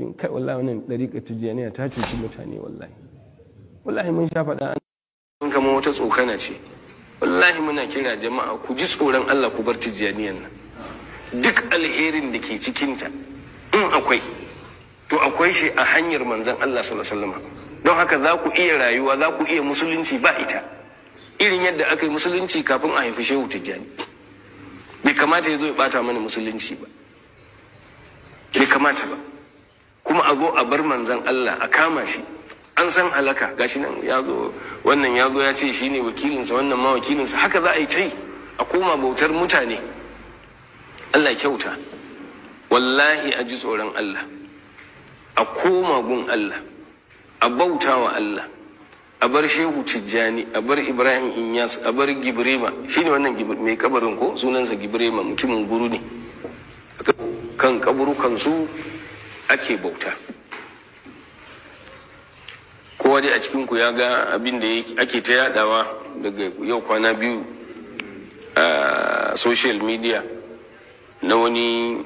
kin kai wallahi wannan dariƙa tijjaniya ta cuci mutane wallahi wallahi mun sha faɗa an kama wata tsokana ce wallahi muna kira jama'a ku ji tsoron Allah ku bar tijjaniyan nan duk alherin da ke cikinta in akwai to akwai shi a hanyar manzon Allah sallallahu alaihi wasallam don haka za ku iya rayuwa za ku iya musulunci ba ita irin yadda aka yi musulunci kafin a haifi shehu tijjani bai kamata ya zo ya bata mana musulunci ba bai kamata ba kuma a zo a bar manzan Allah a kama shi an san halaka gashi nan ya zo wannan ya zo ya ce shi ne wakilinsa wannan ma wakilinsa haka za a yi tai a koma bautar mutane Allah kyauta wallahi a ji tsoron Allah a koma gun Allah a bauta wa Allah a bar shehu tijjani a bar ibrahim inyas a bar gibrima ne wannan mai kabarin ko sunansa gibrima mutumin guru ne kan kaburukansu. su ake bauta kowa dai a cikinku ya ga abin da ake ta yadawa daga yau kwana biyu a social media na wani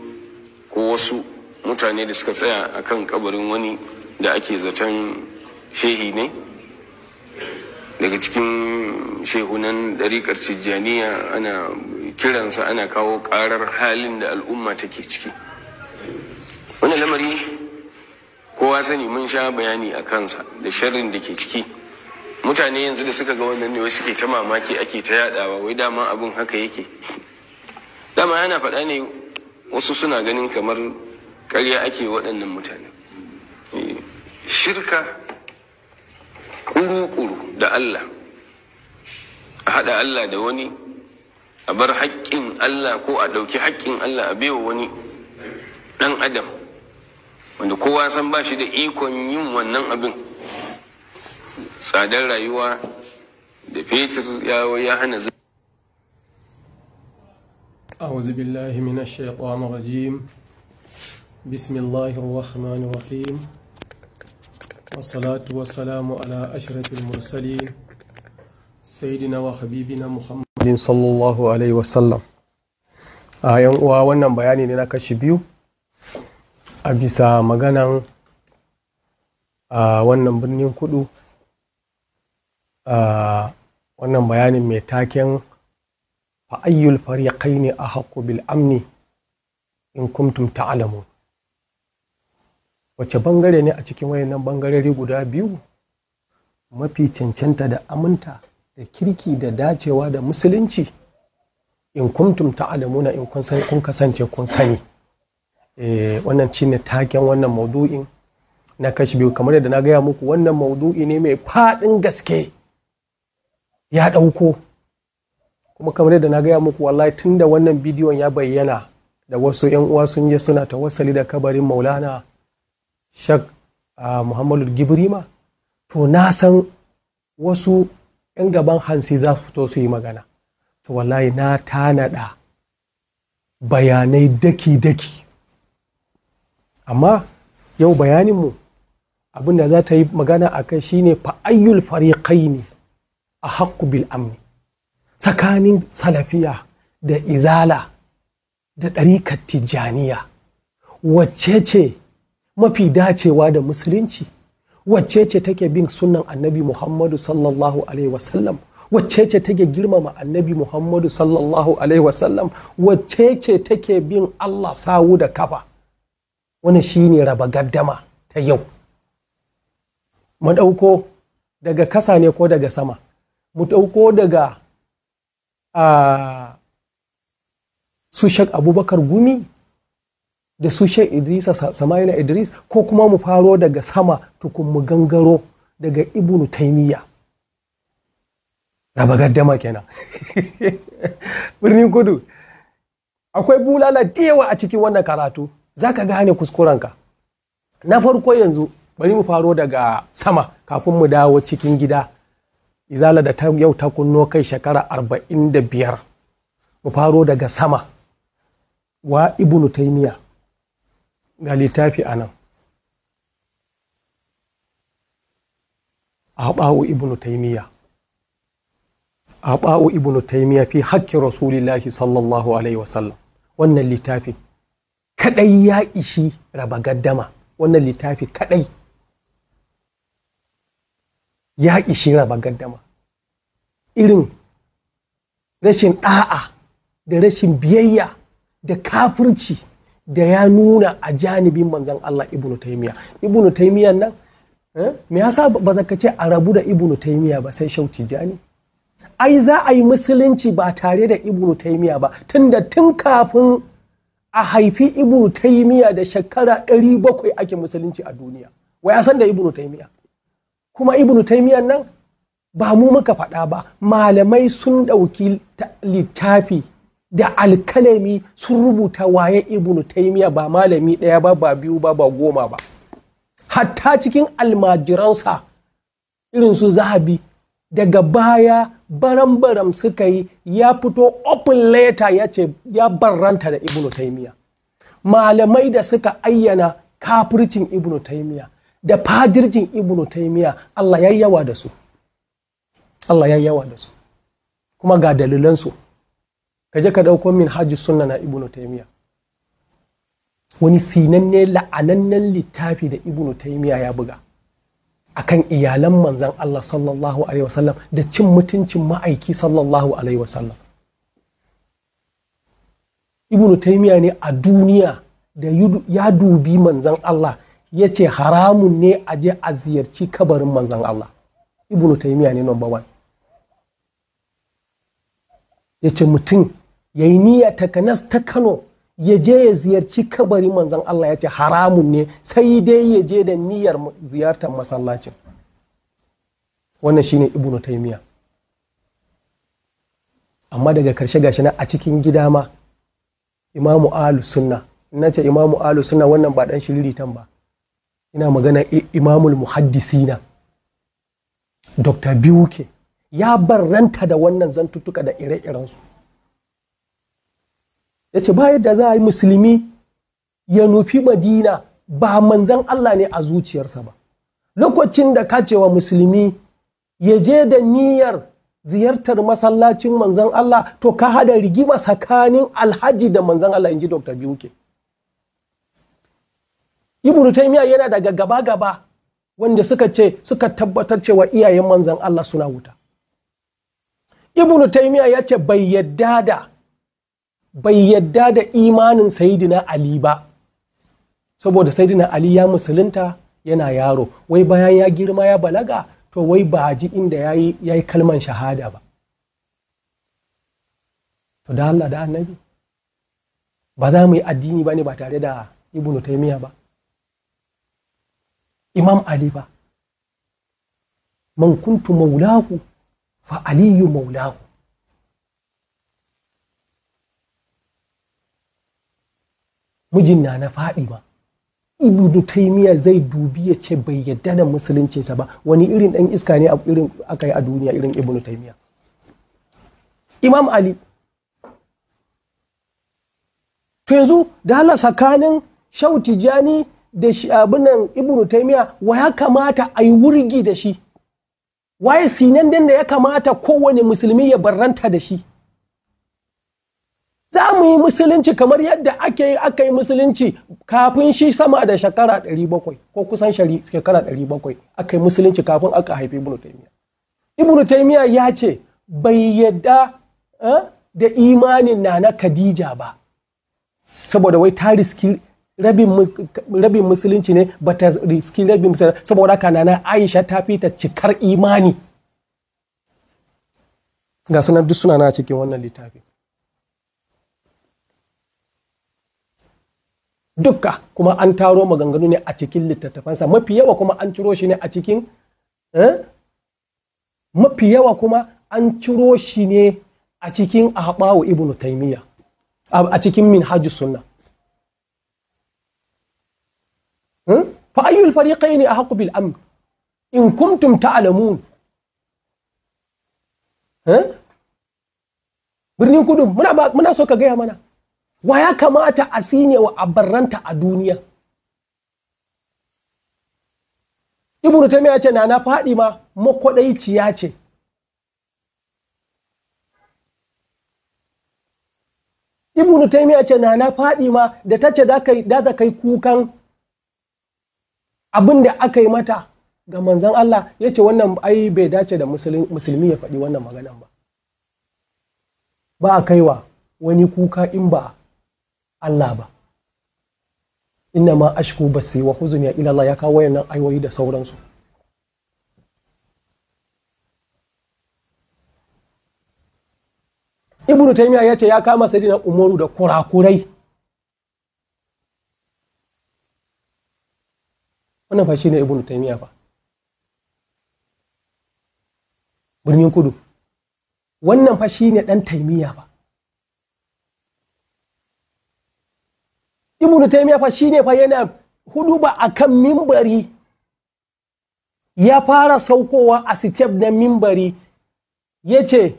ko wasu mutane da suka tsaya a kan kabarin wani da ake zaton shehi ne daga cikin shehunan ɗariƙar cijjaniya ana kiransa ana kawo ƙarar halin da al'umma take ciki wani lamari kowa sani mun sha bayani a kansa da sharrin da ke ciki mutane yanzu da suka ga wannan ne wai suke ta mamaki ake ta yadawa wai dama abin haka yake dama yana faɗa ne wasu suna ganin kamar karya ake waɗannan mutane eh, shirka kuru-kuru da Allah a haɗa Allah da wani a bar haƙƙin Allah ko a ɗauki haƙƙin Allah a wa wani ɗan adam wanda kowa san ba shi da ikon yin wannan abin tsadar rayuwa da fetur ya hana zai أعوذ بالله من الشيطان الرجيم بسم الله الرحمن الرحيم والصلاة والسلام على أشرف المرسلين سيدنا وحبيبنا محمد صلى الله عليه وسلم آيان wannan bayani ne na kashi biyu a bisa maganan a wannan birnin kudu a wannan bayanin mai taken fa'ayyul ne a haƙo bil amni in kuntum ta'alamu wace bangare ne a cikin wayannan bangarori guda biyu mafi cancanta da aminta da kirki da dacewa da musulunci in kuntum ta'alamuna in kun kasance kun sani Eh, wannan ne taken wannan maudu'in na kashi biyu kamar yadda na gaya muku wannan maudu'i ne mai faɗin gaske ya ɗauko kuma kamar yadda na gaya muku wallahi tun da wannan bidiyon ya bayyana da wasu 'yan uwa sun je suna tawassali da kabarin maulana shak ah, muhammadu gibrima to na san wasu 'yan gaban hansi za su fito su yi magana to wallahi na tanada bayanai daki-daki amma yau bayaninmu abin da za ta yi magana a kai shine fa'ayyul ne a haƙƙu bil amni tsakanin salafiya da izala da ɗarikar tijjaniya wacce ce mafi dacewa da musulunci wacce ce take bin sunan annabi muhammadu sallallahu alaihi wasallam wacce ce take girmama annabi muhammadu sallallahu alaihi wasallam wacce ce take bin allah sawu da kafa wani shine raba gaddama ta yau mu ɗauko daga kasa ne ko daga sama mu ɗauko daga su abubakar gumi da su Idris idrisa samaila idris ko kuma mu faro daga sama tukun mu gangaro daga ibnu taimiyya raba gaddama kenan birnin kudu akwai bulala da a cikin wannan karatu za ka gane kuskurenka na farko yanzu bari mu faro daga sama kafin mu dawo cikin gida izala da ta yau ta kunno kai shekara arba'in da biyar mu faro daga sama wa ibnu taimiya ga littafi a nan a ibnu taimiya fi hakki rasulillahi sallallahu alaihi wasallam wannan littafin kadai ya ishi raba gaddama wannan littafi kadai ya ishi raba gaddama irin rashin ɗa'a da rashin biyayya da kafirci da ya nuna a janibin manzan Allah ibnu taimiya ibnu taimiya nan eh, me yasa ba za ka ce a rabu da ibnu taimiya ba sai shauti jani ai za a yi musulunci ba tare da ibnu taimiya ba tunda tun kafin a haifi ibnu taimiya da shekara 700 ake musulunci a duniya ya san da ibnu taimiya kuma ibnu nan ba mu muka faɗa ba malamai sun ɗauki littafi da alkalami sun rubuta waye ibnu taimiya ba malami ɗaya ba ba biyu ba ba goma ba hatta cikin almajiransa irin su zahabi daga baya baram-baram suka yi ya fito open letter ya ce ya barranta da ibnu taimiya malamai da suka ayyana kafircin ibnu taimiya da fajircin ibnu taimiya Allah ya yawa da su Allah ya yawa da su kuma ga dalilansu ka je ka ɗauko min hajji sunna na ibnu taimiya wani sinanne la'anannen littafi da ibnu taimiya ya buga akan iyalan manzan Allah sallallahu alaihi wasallam da cin mutuncin ma'aiki sallallahu alaihi wasallam ibnu taimiya ne a duniya da ya dubi manzan Allah ya ce haramun ne a je a ziyarci kabarin manzan Allah ibnu taimiya ne number one ya ce mutum ya yi niyya takanas ta kano ya je ya ziyarci kabari manzon Allah ya ce haramun ne sai dai ya je da niyyar ziyartar masallacin wannan shine ibnu taymiya amma daga karshe gashi na a cikin gida ma imamu alu sunna na ce imamu alu suna wannan ba dan tan ba ina magana imamul muhaddisina dr biuke ya barranta da wannan zantuttuka da ire-irensu ya ce ba yadda za a yi musulmi ya nufi madina ba manzan Allah ne a zuciyarsa ba lokacin da ka cewa musulmi ya je da niyyar ziyartar masallacin manzan Allah to ka hada rigima tsakanin alhaji da manzan Allah in ji Dr. Biuke. Ibn Taymiya yana daga gaba-gaba wanda suka ce suka tabbatar cewa iyayen manzan Allah suna wuta. Ibn Taymiya ya ce bai yadda da bai yadda da imanin sayidina ali ba saboda sayidina ali ya musulunta yana yaro wai bayan ya girma ya balaga to wai ba ji inda ya yi kalman shahada ba to da Allah da annabi ba za mu yi addini ba ne ba tare da ibnu taimiyya ba imam ali ba man kuntu maulahu fa aliyu maulahu mijin na na faɗi ba ibnu taimiya zai dubi ya ce bai yadda da sa ba wani irin dan iska ne irin aka a duniya irin ibnu taimiya imam ali to yanzu da hala sakanin shauti jani da shi abunan ibnu taimiya wa ya kamata ayi wurgi da shi waye sinan da ya kamata kowane musulmi ya barranta da shi za mu yi musulunci kamar yadda ake yi aka yi musulunci kafin shi sama da shekara 700 ko kusan shekara 700 aka yi musulunci kafin aka haifi ibnu taymiya ibnu taymiya ya ce bai yadda eh, da imanin na na khadija ba saboda wai ta riski rabin musulunci ne ba ta riski rabin musulunci saboda haka na aisha ta fita cikar imani ga sunan duk suna na cikin wannan littafin dukka kuma an taro maganganu ne a cikin littattafansa mafi yawa kuma an ciro shi ne a cikin eh? mafi yawa kuma an ciro shi ne a cikin ahbawu ibn taimiyya a cikin minhajus sunna eh? fa ayyul fariqayn ahqqu bil amn in kuntum ta'lamun eh? birnin kudu muna so ka gaya mana wa ya kamata a sine wa abarranta a duniya ibnu tamiya ce na na faɗi ma makwaɗaiciya ce ibnu taymiya ce na na faɗi ma da ta ce da ta kai kukan abin da aka yi mata ga manzan Allah ya ce wannan ai bai dace da musulmi ya faɗi wannan maganan ba ba a kaiwa wani kuka in ba Allah ba inna ma ashku basi wa ya ila Allah ya kawo wayannan ayoyi da sauransu Ibn taymiya ya ce ya kama sayyidina umaru da kurakurai wannan fa shine Ibn taymiya fa birnin kudu wannan fa ne dan taymiya ba. ibnu taymiya fa shine fa yana hudu ba akan mimbari ya fara saukowa a step na mimbari ya ce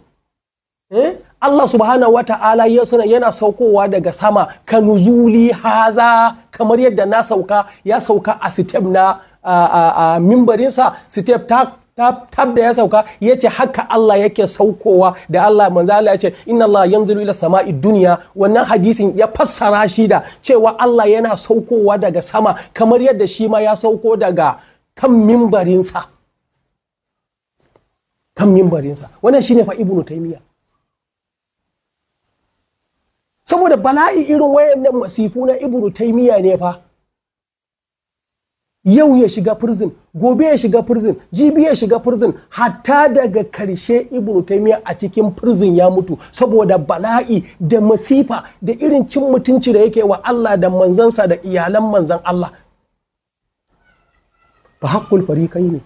eh, Allah subhanahu wa ta'ala yana saukowa daga sama ka nuzuli haza kamar yadda na sauka ya sauka a step na a, a, mimbarinsa step ta tab da ya sauka ya ce haka Allah yake saukowa da Allah manzo Allah ya ce inna Allah yanzilu ila sama'i dunya wannan hadisin ya fassara shi da cewa Allah yana saukowa daga sama kamar yadda shi ma ya sauko daga kan mimbarinsa kan mimbarinsa wannan shine fa ibnu taymiya saboda bala'i irin wayannan masifu na ibnu taymiya ne fa yau ya shiga prison gobe ya shiga prison jibi ya shiga prison hatta daga karshe ibnu taimiyya a cikin prison ya mutu saboda bala'i da masifa da irin cin mutunci da yake wa Allah da manzansa da iyalan manzan Allah fa haqqul ne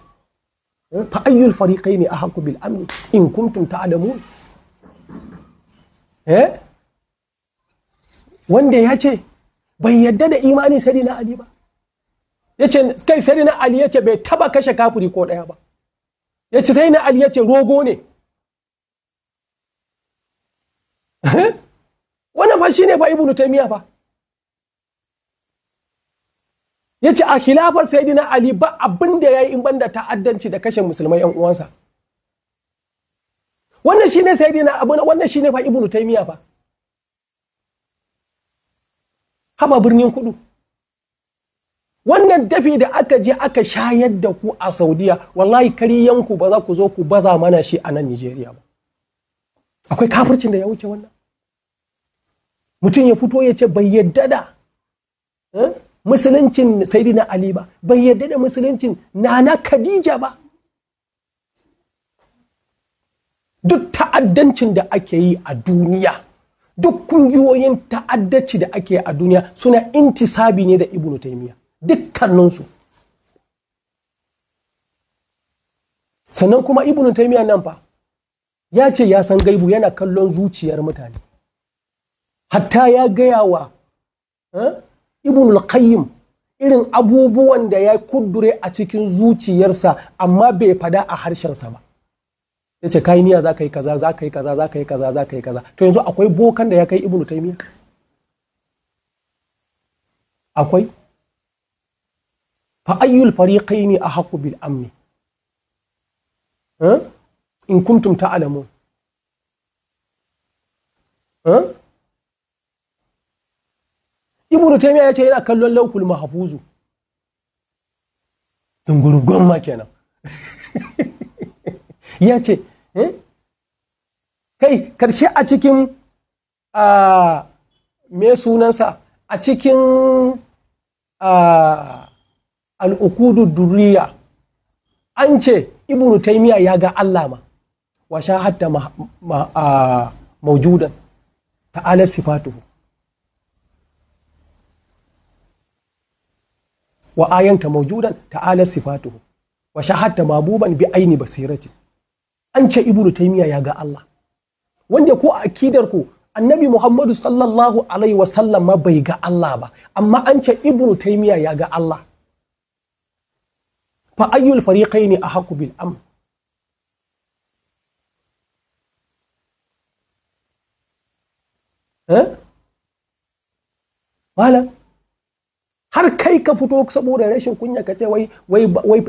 fa ayyul a haƙƙu bil amni in kuntum Adamu? eh wanda ya ce bai yadda da imani sai na ali ba yace kai sai na ali yace bai taba kashe kafiri ko daya ba yace sai na ali yace rogo ne wannan fa shine fa ibnu taymiya fa yace a khilafar na ali ba abin da yayi in banda ta'addanci da kashe musulmai yan uwansa wannan shine na abu wannan shine fa ibnu taymiya fa haba birnin kudu wannan dafi da aka je aka shayar da ku a saudiya wallahi kariyanku ba za ku zo ku baza mana shi a nan nigeria ba akwai kafircin da ya wuce wannan mutum ya fito ya ce bai yadda da eh, musuluncin na ali ba bai yadda da musuluncin nana khadija ba duk ta'addancin da ake yi a duniya duk kungiyoyin ta'addaci da ake yi a duniya suna intisabi ne da ibnu taimiya dukkaninsu sannan kuma ibnu taimiyya nan fa ya ce ya san gaibu yana kallon zuciyar mutane hatta ya gaya wa eh, ibnul qayyim irin abubuwan da ya kudure a cikin zuciyarsa amma bai fada a harshensa ba ya ce kai niyya za ka yi kaza za ka yi kaza za ka yi kaza za ka yi kaza to yanzu akwai bokan da ya kai ibn taimiyya akwai fa ayyul ne a bil amni in kuntum ta'lamun ibnu taymiya ya ce yana kallon laukul mahfuzu dungurugon ma kenan ya ce kai karshe a cikin me sunansa a cikin al'ukudu durriya an ce ibnu taimiya ya ga Allah ma wa shahadta maujudan ta'ala sifatuhu wa ayanta maujudan ta'ala sifatuhu wa hatta mabuban bi aini basirati an ce ibnu taimiya ya ga Allah wanda ko a akidar ku annabi muhammadu sallallahu alaihi wasallam ma bai ga Allah ba amma an ce ibnu taimiya ya ga Allah fa ayyul fariqaini ahqqu bil amn eh? malam har kai ka fito saboda rashin kunya ka ce wai wai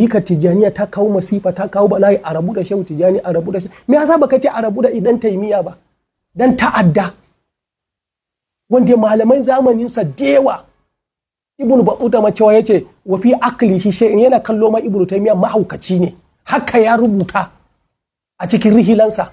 rika tijaniya ta kawo masifa ta kawo bala'i a rabu da shehu tijani a rabu da shehu me yasa baka ce a rabu da idan taimiya ba dan ta'adda wanda malamai zamanin sa dewa ibn batuta ma cewa yace wa fi aklihi shay'in yana kallo ma ibn taymiya mahaukaci ne haka ya rubuta a cikin rihilansa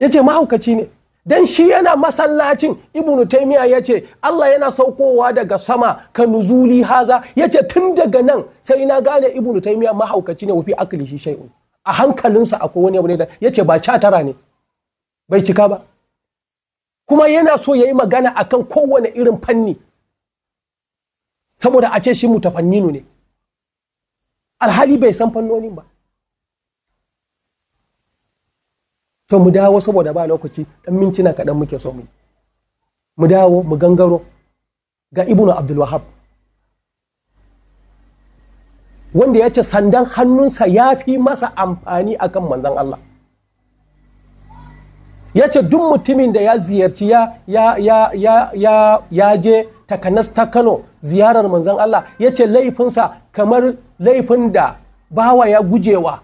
yace mahaukaci ne dan shi yana masallacin ibn taymiya yace Allah yana saukowa daga sama ka nuzuli haza yace tun daga nan sai na gane ibn taymiya mahaukaci ne wa fi aklihi shay'in a hankalinsa akwai wani abu ne yace ba catara ne bai cika ba kuma yana so ya yi magana akan kowane irin fanni saboda a ce shi tafanninu ne alhali bai san fannonin ba to mu dawo saboda ba lokaci dan mintuna kaɗan muke so mu mu dawo mu gangaro ga ibnu abdul wahab wanda ya ce sandan hannunsa ya fi masa amfani akan manzon Allah ya ce duk mutumin da ya ziyarci ya je takanas ta kano ziyarar manzan Allah ya ce laifinsa kamar laifin da bawa ya gujewa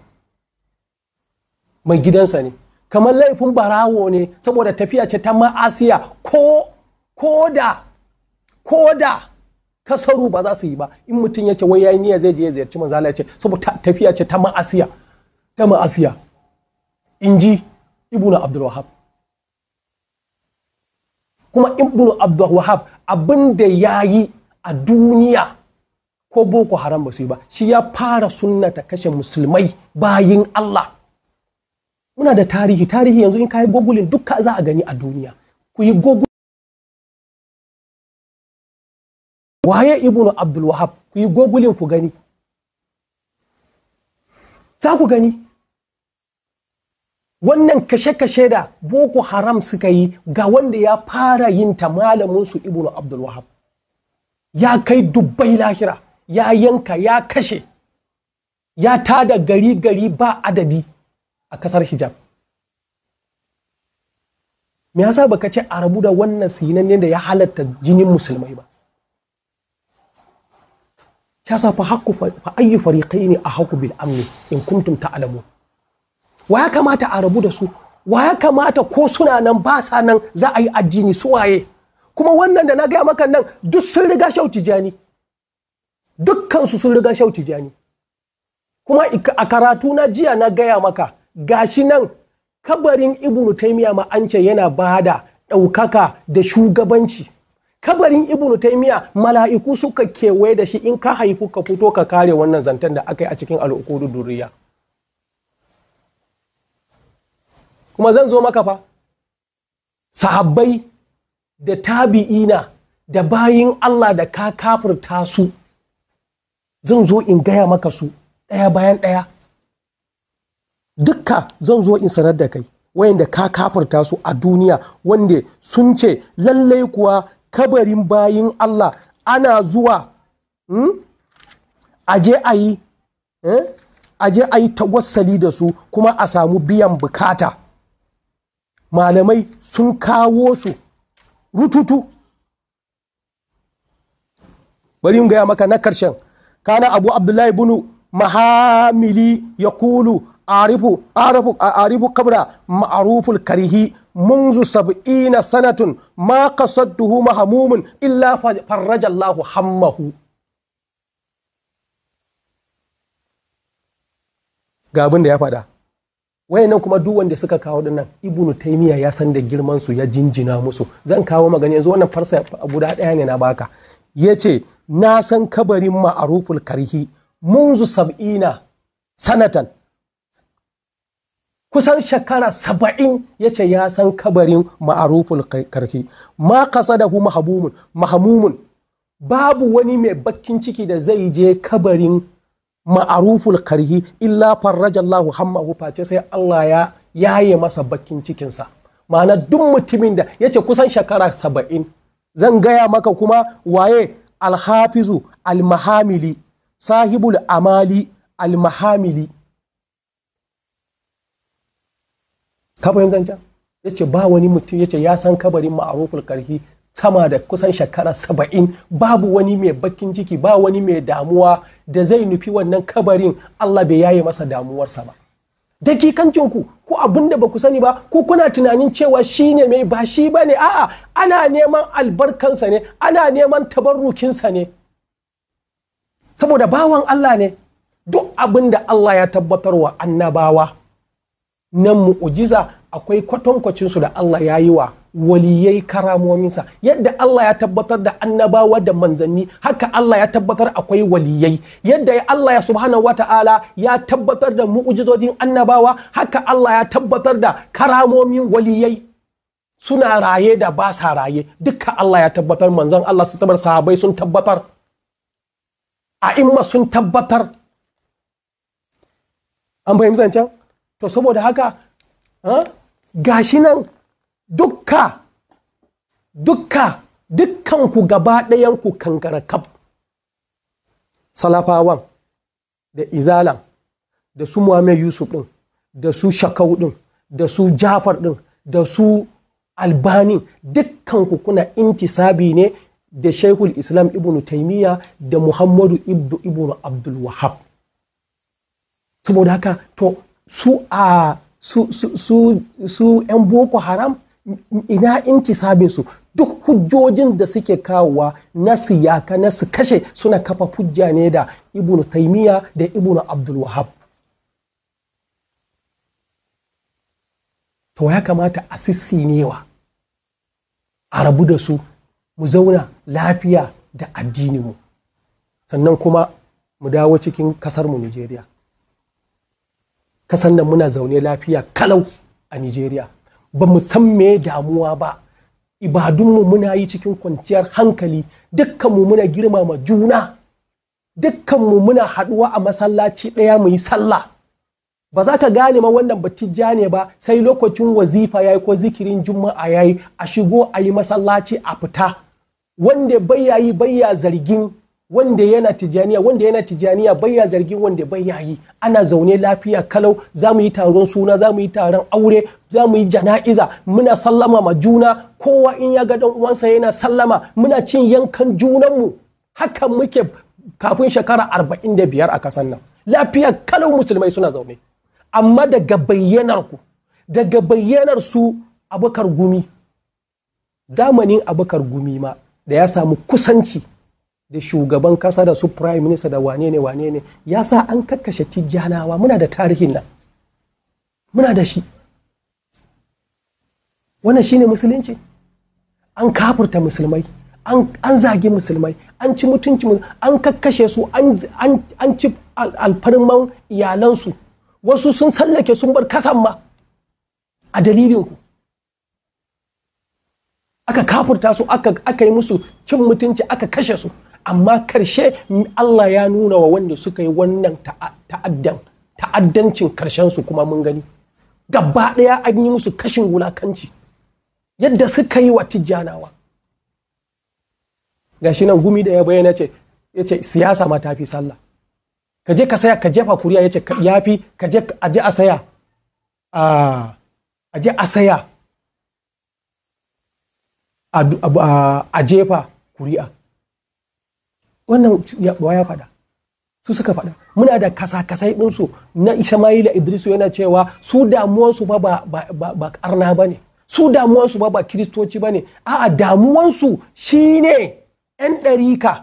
mai gidansa ne kamar laifin barawo ne saboda tafiya ce ta ma'asiya ko da kasaru ba za su yi ba in mutum ya ce wai yayi niyya zai je ziyarci manzan Allah ya ce saboda tafiya ce ta ma'asiya ta ma'asiya in ji ibnu abdul wahab kuma ibnu abdul wahab abin da ya yi a duniya ko boko haram ba su yi ba shi ya fara sunnata kashe musulmai bayin allah muna da tarihi tarihi yanzu in kayi gogulin dukka za a gani a duniya ku yi gogulin waye ibnu Abdulwahab wahab ku yi gogulin ku gani za ku gani wannan kashe-kashe da boko haram suka yi ga wanda ya fara yin ta malaminsu ibnu abdul wahab ya kai dubbai lahira ya yanka ya kashe ya tada gari-gari ba adadi a kasar hijab me yasa baka ce a rabu da wannan sinannen da ya halatta jinin musulmai ba ya sa fa hakku fa ayyu fariqaini ahqqu bil amni in kuntum ta'lamun wa ya kamata a rabu da su wa ya kamata ko suna nan ba sa nan za a yi addini su waye kuma wannan da na gaya maka nan duk sun riga shau tijani dukkansu sun riga shau tijani kuma a karatu na jiya na gaya maka gashi nan kabarin ibnu taimiya ma an ce yana bada ɗaukaka da shugabanci kabarin ibnu taimiya mala'iku suka kewaye da shi in ka haifu ka fito ka kare wannan zantan da aka yi a cikin al'ukudu duriya kuma zan zo maka fa sahabbai da tabi'ina da bayin Allah da ka kafirta su zan zo in gaya maka su ɗaya bayan ɗaya dukka zan zo in sanar da kai wayanda ka kafirta su a duniya wanda sun ce lallai kuwa kabarin bayin Allah ana zuwa hmm? aje a yi eh? a tawassali da su kuma a samu biyan bukata malamai sun kawo su rututu bari yin gaya maka na karshen kana abu abdullahi bunu mahamili ya kulu arifu arifu kabra ma'aruful karihi منذ سبعين سنة ما قصدته مهموم إلا فرج الله همه ga abin da ya faɗa nan kuma duk wanda suka kawo dinnan ibnu taymiya ya san da girman su ya jinjina musu zan kawo magana yanzu wannan farsa guda daya ne na baka yace na san kabarin ma'aruful karhi munzu sab'ina sanatan kusan shekara saba'in ya ce ya san kabarin ma'aruful karhi ma kasa da mahamumun babu wani mai bakin ciki da zai je kabarin ma'aruful karhi illa farrajallahu hammahu face sai Allah ya yaye masa bakin cikinsa ma'ana duk mutumin da yace kusan shekara saba'in zan gaya maka kuma waye alhafizu almahamili sahibul amali almahamili ka fahimta yace ba wani mutum yace ya san kabarin ma'aruful karhi sama da kusan shekara saba'in babu wani mai bakin ciki ba wani mai damuwa da zai nufi wannan kabarin Allah bai yaye masa damuwarsa ba ku ko abun da ba ku sani ba ko kuna tunanin cewa shi ne mai ba shi ba ne a'a ana neman albarkansa ne ana neman tabarrukinsa ne saboda bawan Allah ne duk abin da Allah ya tabbatarwa annabawa nan mu'ujiza akwai kwatankwacinsu da Allah ya yi wa waliyai karamominsa yadda Allah ya tabbatar da annabawa da manzanni haka Allah ya tabbatar akwai waliyai yadda Allah ya subhanahu wata'ala ya tabbatar da mu'ujizojin annabawa haka Allah ya tabbatar da karamomin waliyai suna raye da ba sa raye dukka Allah ya tabbatar manzan Allah su tabar sahabai sun tabbatar a'imma sun tabbatar an fahimci zancen to saboda haka ah, gashi nan dukka dukka dukkanku gaba ɗayanku kankara kaf salafawan da izalan da su muhammed yusuf ɗin da su shakau ɗin da su jafar ɗin da su albani dukkanku kuna intisabi ne da shaikul islam ibn taimiyya da muhammadu ibn abdul wahab saboda haka to su a su 'yan boko haram ina inci su duk hujjojin da suke kawowa na siyaka na su kashe suna kafa hujja ne da ibnu taimiyya da ibnu abdul wahab to ya kamata a sissinewa a rabu da su mu zauna lafiya da addininmu sannan kuma mu dawo cikin kasarmu Nijeriya. kasan da muna zaune lafiya kalau a Nijeriya, ba mu san me damuwa ba ibadunmu muna yi cikin kwanciyar hankali dukkanmu muna girmama juna dukkanmu muna haɗuwa a masallaci ɗaya mu yi sallah ba za ka gane ma wannan batijja ne ba sai lokacin wazifa ya yi ko zikirin juma'a ya yi a shigo a yi masallaci a fita wanda bayya yi bayya zargin wanda yana tijaniya wanda yana tijaniya ya zargin wanda bai ya yi ana zaune lafiya kalau za mu yi taron suna za mu yi taron aure za mu yi jana'iza muna sallama ma juna kowa in ya ga dan uwansa yana sallama muna cin yankan junanmu haka muke kafin shekara arba'in da biyar a kasan nan lafiya kalau musulmai suna zaune amma daga bayyanar ku daga bayyanar su abakar gumi zamanin abakar gumi ma da ya samu kusanci da shugaban kasa da su prime minister da wane ne wane ne ya sa an kakkashe tijjanawa muna da tarihin nan muna da shi wannan shine musulunci an kafurta musulmai an zage musulmai an ci mutunci an kakkashe su an ci alfarman iyalansu wasu sun sallake sun bar kasan ma a dalilinku aka kafurta su aka yi musu cin mutunci aka kashe su amma karshe Allah ya nuna wa wanda suka yi wannan ta'addan ta'addancin karshen su kuma mun gani gaba ɗaya an yi musu kashin wulakanci yadda suka yi wa tijjanawa gashi nan gumi da ya bayyana ce ya siyasa ma tafi sallah ka je ka saya ka jefa kuriya ya ce ya fi ka a saya a je a saya a jefa kuri'a wannan yabuwa ya faɗa su suka faɗa muna da kasa-kasai ɗinsu na ishamayila idrisu yana cewa su damuwansu ba ba karna ba ne su damuwansu ba ba kiristoci ba ne a'a damuwansu shi ne 'yan ɗarika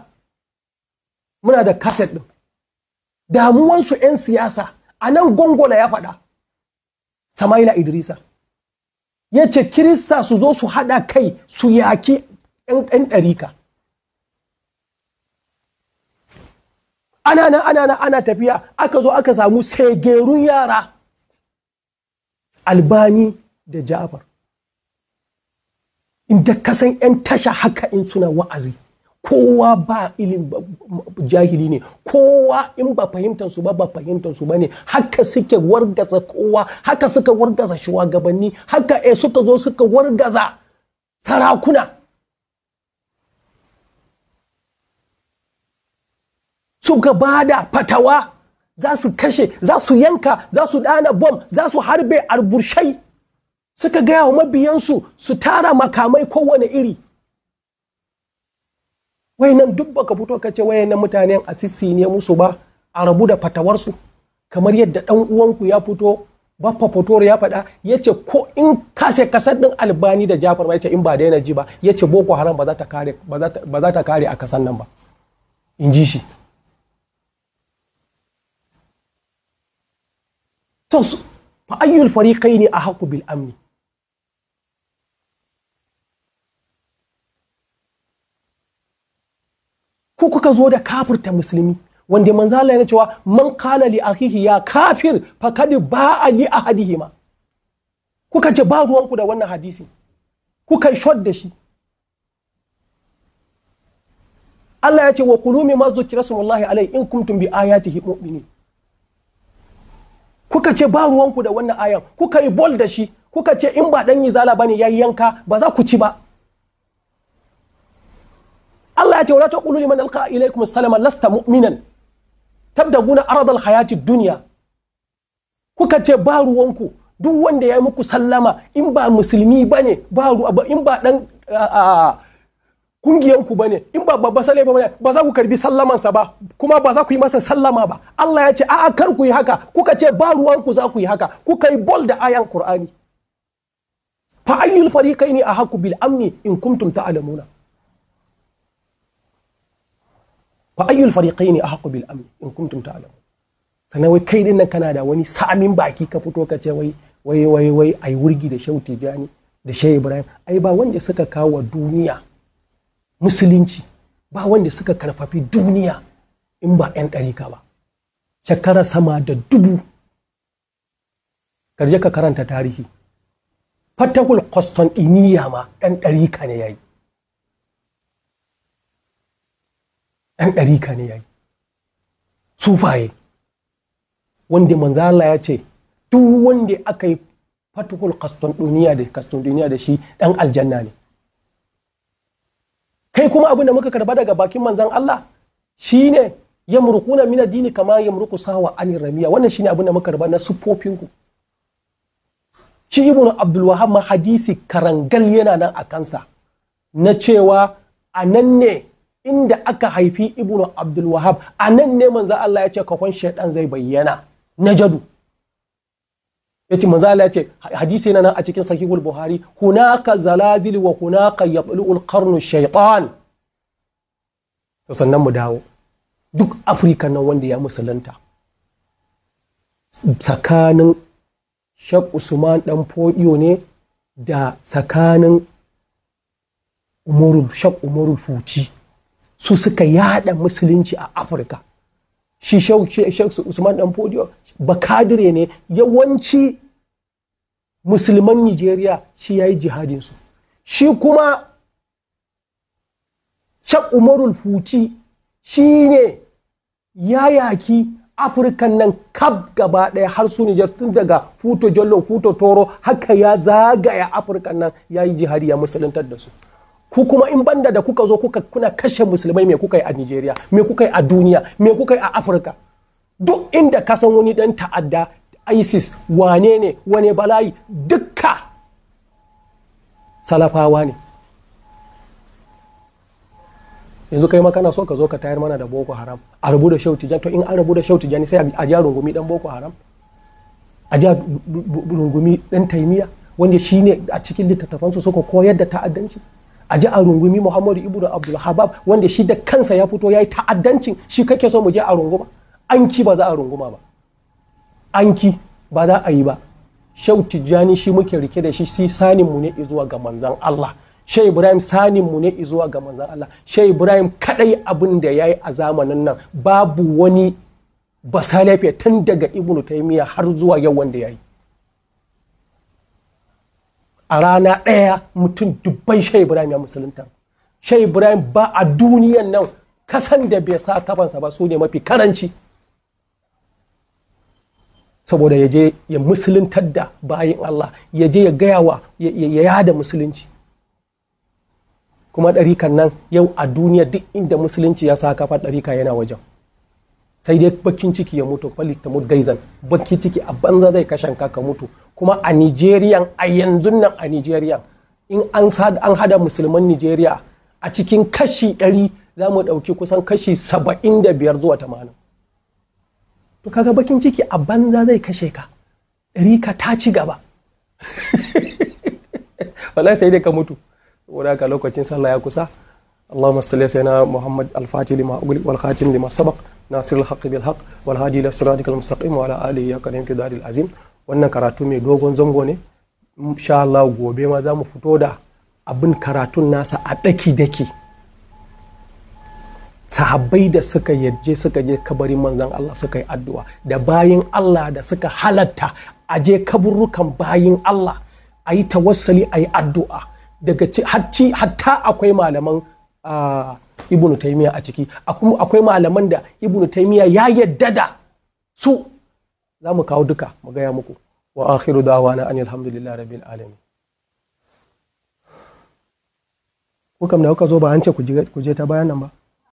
muna da kaset ɗin damuwansu 'yan siyasa a nan gongola ya faɗa sama'ila idrisa ya ce kirista su zo su haɗa kai su yaki 'yan ɗarika ana nan ana nan ana tafiya aka zo aka samu segerun yara albani da jafar inda kasan 'yan tasha haka in suna wa'azi kowa ba ilin jahili ne kowa in ba fahimtar su ba ba fahimtar su ba ne haka suke wargaza kowa haka suka wargaza shugabanni haka e suka zo suka wargaza sarakuna suka ba da fatawa za su kashe za su yanka za su dana bom za su harbe arbushai suka gaya wa mabiyansu su tara makamai kowane iri nan duk baka fito ka ce wayannan mutanen asisi ne musu ba a rabu da fatawarsu kamar yadda dan uwanku ya fito baffa fotor ya faɗa yace ko in kase kasar ɗin albani da jafar ba ya ce in ba daina ji ba yace ce boko haram ba za ta kare a kasar nan ba in ji shi to fa ayyul fariqaini ahqu bil amni ku kuka zo da kafirta musulmi wanda manzala yana cewa man kala li akhihi ya kafir fakad a li ahadihima kuka ce ba ruwanku da wannan hadisi kuka shot da shi Allah ya ce wa kulumi mazdukira sumullahi alai in kuntum bi ayatihi mu'minin kuka ce ba ruwanku da wannan ayan kuka yi bol da shi kuka ce in ba dan izala bane yayi yanka ba za ku ci ba Allah ya ce wala taqulu liman alqa ilaykum assalama lasta mu'minan tabdaguna aradal hayati dunya kuka ce ba ruwanku duk wanda ya yi muku sallama in ba musulmi bane ba in ba dan kungiyan ku bane in ba babba sale ba ba za ku karbi sallamansa ba kuma ba za ku yi masa sallama ba Allah ya ce a'a kar ku yi haka kuka ce ba ruwan ku za ku yi haka kuka yi bol da ayan Qur'ani fa ayyul fariqaini ahaqqu bil amni in kuntum ta'lamuna fa ayyul fariqaini ahaqqu bil amni in kuntum ta'lamuna sannan wai kai din kana da wani samin baki ka fito ka ce wai wai wai wai ai wurgi da shauti jani da shehu ibrahim ai ba wanda suka kawo duniya musulunci ba wanda suka karfafi duniya in ba 'yan ɗarika ba shekara sama da dubu karje ka karanta tarihi fatahul constantiniya ma ɗan ɗarika ne yayi ɗan ɗarika ne yayi sufaye wanda manzala ya ce duk wanda aka yi fatahul constantiniya da shi ɗan aljanna ne kai kuma abin da muka karba daga bakin manzan Allah shine yamruquna min ad-dini kama yamruqu sawa an ramiya wannan shine abin da muka karba na sufofin ku shi ibnu abdul wahab ma hadisi karangal yana nan a kansa na cewa a nan ne inda aka haifi ibn abdul wahab a nan ne manzan Allah ya ce kakon shaidan zai bayyana na najadu yace manzo Allah yace hadisi yana nan a cikin sahihul buhari hunaka zalazil wa hunaka yatlu'ul qarnu shaytan to sannan mu dawo duk afirka nan wanda ya musulunta tsakanin shak usman dan fodiyo ne da tsakanin umaru shak umaru fuci su suka yada musulunci a afirka shi shauki usman dan fodiyo bakadire ne yawanci musulman nigeria shi ya yi jihadinsu shi kuma shak umarul futi shi ne yayaki yaki afirkan nan kaf gaba ɗaya har su nijar tun daga futo jollo futo toro haka ya zagaya afirkan nan ya yi jihadi ya musuluntar da su ku kuma in banda da kuka zo kuka kuna kashe musulmai me kuka yi a Nigeria me kuka yi a duniya me kuka yi a Afirka duk inda ka san wani dan ta'adda ISIS wane ne wane bala'i dukka salafawa ne yanzu kai ma kana so ka zo ka tayar mana da boko haram a rabu da shauti jan to in an rabu da shauti jan sai a ja rungumi dan boko haram a ja rungumi dan taimiya wanda shine a cikin littattafansu suka koyar da ta'addanci a ji a rungumi muhammadu ibnu abdul wanda shi da kansa ya fito ya yi ta'addancin shi kake so mu je a runguma an ki ba za a runguma ba an ki ba za a yi ba shau tijjani shi muke rike da shi si sanin mu ne izuwa ga manzan allah shai ibrahim sanin mu ne izuwa ga manzan allah shai ibrahim kadai abin da ya yi a zamanin nan babu wani basalafiya tun daga ibnu taimiyya har zuwa yau wanda ya yi a rana ɗaya mutum dubban shai ibrahim ya musulunta shai ibrahim ba a duniyan nan kasan da bai sa kafansa ba su ne mafi karanci saboda ya je ya musuluntar da bayin Allah ya je ya gaya wa ya yada musulunci kuma ɗarikan nan yau a duniya duk inda musulunci ya sa kafa ɗarika yana wajen sai dai bakin ciki ya mutu falita gaizan bakin ciki a banza zai kashanka ka mutu kuma a nigerian a yanzu nan a nigerian in an hada musulman nigeria a cikin kashi 100 za mu ɗauki kusan kashi 75 zuwa 80 to kaga bakin ciki a banza zai kashe ka ɗari ka ta ci gaba wallahi sai dai ka mutu saboda ka lokacin sallah ya kusa اللهم صل على محمد الفاتح لما أغلق والخاتم لما سبق ناصر الحق بالحق والهادي إلى صراطك المستقيم وعلى آله يا كريم كدار العظيم wannan karatu mai dogon zango ne insha Allah gobe ma za mu fito da abin karatun nasa a daki-daki sahabbai da suka yarje suka je kabarin manzan Allah suka yi addu'a da bayin Allah da suka halatta a je kaburrukan bayin Allah a yi tawassali a yi addu'a daga hacci hatta akwai malaman ibnu taimiyya a ciki akwai malaman da ibnu taimiyya ya yadda da su za mu kawo duka mu gaya muku wa akhiru da'wana an alhamdulillahi rabbil alamin ku kam da kuka zo ba an ce ku je ta bayan nan ba